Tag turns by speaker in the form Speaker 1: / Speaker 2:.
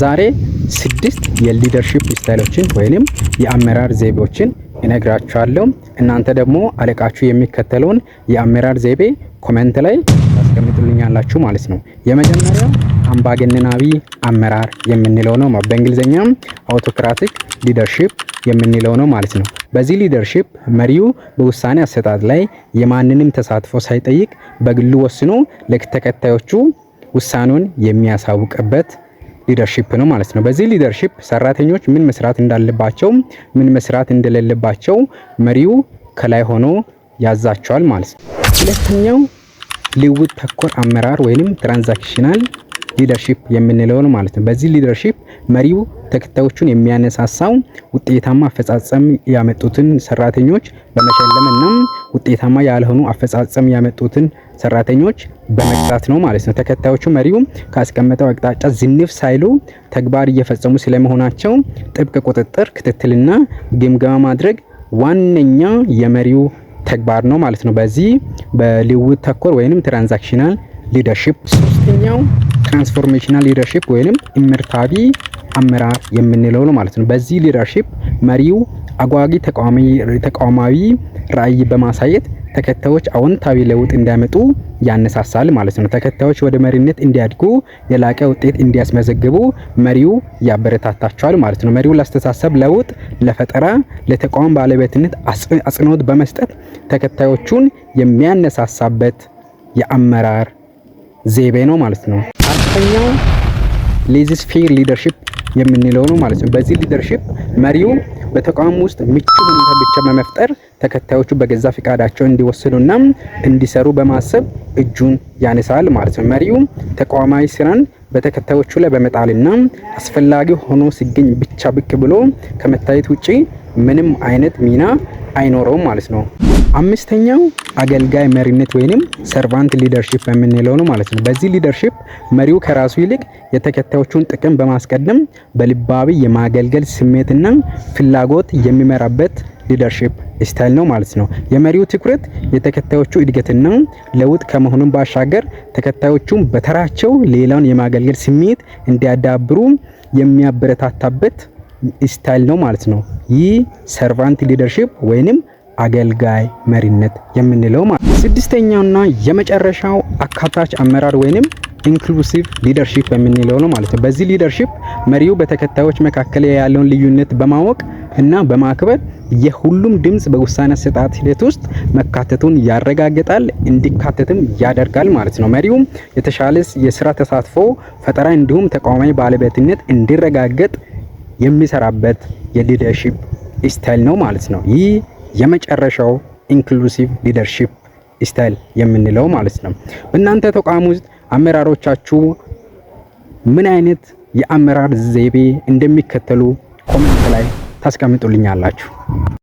Speaker 1: ዛሬ ስድስት የሊደርሺፕ ስታይሎችን ወይንም የአመራር ዘይቤዎችን እነግራችኋለሁ። እናንተ ደግሞ አለቃችሁ የሚከተለውን የአመራር ዘይቤ ኮመንት ላይ ታስቀምጡልኛላችሁ ማለት ነው። የመጀመሪያው አምባገነናዊ አመራር የምንለው ነው። በእንግሊዝኛም አውቶክራቲክ ሊደርሺፕ የምንለው ነው ማለት ነው። በዚህ ሊደርሺፕ መሪው በውሳኔ አሰጣጥ ላይ የማንንም ተሳትፎ ሳይጠይቅ በግሉ ወስኖ ለተከታዮቹ ውሳኔውን የሚያሳውቅበት ሊደርሺፕ ነው ማለት ነው። በዚህ ሊደርሺፕ ሰራተኞች ምን መስራት እንዳለባቸው፣ ምን መስራት እንደሌለባቸው መሪው ከላይ ሆኖ ያዛቸዋል ማለት ነው። ሁለተኛው ልውጥ ተኮር አመራር ወይንም ትራንዛክሽናል ሊደርሺፕ የምንለው ነው ማለት ነው። በዚህ ሊደርሺፕ መሪው ተከታዮቹን የሚያነሳሳው ውጤታማ አፈጻጸም ያመጡትን ሰራተኞች በመሸለም እና ውጤታማ ያልሆኑ አፈጻጸም ያመጡትን ሰራተኞች በመቅጣት ነው ማለት ነው። ተከታዮቹ መሪውም ካስቀመጠው አቅጣጫ ዝንፍ ሳይሉ ተግባር እየፈጸሙ ስለመሆናቸው ጥብቅ ቁጥጥር፣ ክትትልና ግምገማ ማድረግ ዋነኛ የመሪው ተግባር ነው ማለት ነው። በዚህ በልውውጥ ተኮር ወይም ትራንዛክሽናል ሊደርሺፕ። ሶስተኛው ትራንስፎርሜሽናል ሊደርሺፕ ወይም እምርታዊ አመራር የምንለው ነው ማለት ነው። በዚህ ሊደርሺፕ መሪው አጓጊ ተቋማዊ ራዕይ በማሳየት ተከታዮች አዎንታዊ ለውጥ እንዲያመጡ ያነሳሳል ማለት ነው። ተከታዮች ወደ መሪነት እንዲያድጉ የላቀ ውጤት እንዲያስመዘግቡ መሪው ያበረታታቸዋል ማለት ነው። መሪው ለአስተሳሰብ ለውጥ፣ ለፈጠራ፣ ለተቋም ባለቤትነት አጽንኦት በመስጠት ተከታዮቹን የሚያነሳሳበት የአመራር ዘይቤ ነው ማለት ነው። አራተኛው ሌዚስፌር ሊደርሺፕ የምንለው ነው ማለት ነው። በዚህ ሊደርሺፕ መሪው በተቋም ውስጥ ምቹ ሁኔታ ብቻ በመፍጠር ተከታዮቹ በገዛ ፍቃዳቸው እንዲወስዱና እንዲሰሩ በማሰብ እጁን ያነሳል ማለት ነው። መሪው ተቋማዊ ስራን በተከታዮቹ ላይ በመጣልና አስፈላጊ ሆኖ ሲገኝ ብቻ ብቅ ብሎ ከመታየት ውጪ ምንም አይነት ሚና አይኖረውም ማለት ነው። አምስተኛው አገልጋይ መሪነት ወይንም ሰርቫንት ሊደርሺፕ የምንለው ነው ማለት ነው። በዚህ ሊደርሺፕ መሪው ከራሱ ይልቅ የተከታዮቹን ጥቅም በማስቀደም በልባዊ የማገልገል ስሜትና ፍላጎት የሚመራበት ሊደርሺፕ ስታይል ነው ማለት ነው። የመሪው ትኩረት የተከታዮቹ እድገትና ለውጥ ከመሆኑን ባሻገር ተከታዮቹም በተራቸው ሌላውን የማገልገል ስሜት እንዲያዳብሩ የሚያበረታታበት ስታይል ነው ማለት ነው። ይህ ሰርቫንት ሊደርሺፕ ወይንም አገልጋይ መሪነት የምንለው ማለት ነው። ስድስተኛውና የመጨረሻው አካታች አመራር ወይንም ኢንክሉሲቭ ሊደርሺፕ የምንለው ነው ማለት ነው። በዚህ ሊደርሺፕ መሪው በተከታዮች መካከል ያለውን ልዩነት በማወቅ እና በማክበር የሁሉም ድምፅ በውሳኔ አሰጣጥ ሂደት ውስጥ መካተቱን ያረጋግጣል፣ እንዲካተትም ያደርጋል ማለት ነው። መሪውም የተሻለ የስራ ተሳትፎ ፈጠራ፣ እንዲሁም ተቋማዊ ባለቤትነት እንዲረጋገጥ የሚሰራበት የሊደርሺፕ ስታይል ነው ማለት ነው። ይህ የመጨረሻው ኢንክሉሲቭ ሊደርሺፕ ስታይል የምንለው ማለት ነው። በእናንተ ተቋም ውስጥ አመራሮቻችሁ ምን አይነት የአመራር ዘይቤ እንደሚከተሉ ኮሜንት ላይ ታስቀምጡልኛላችሁ።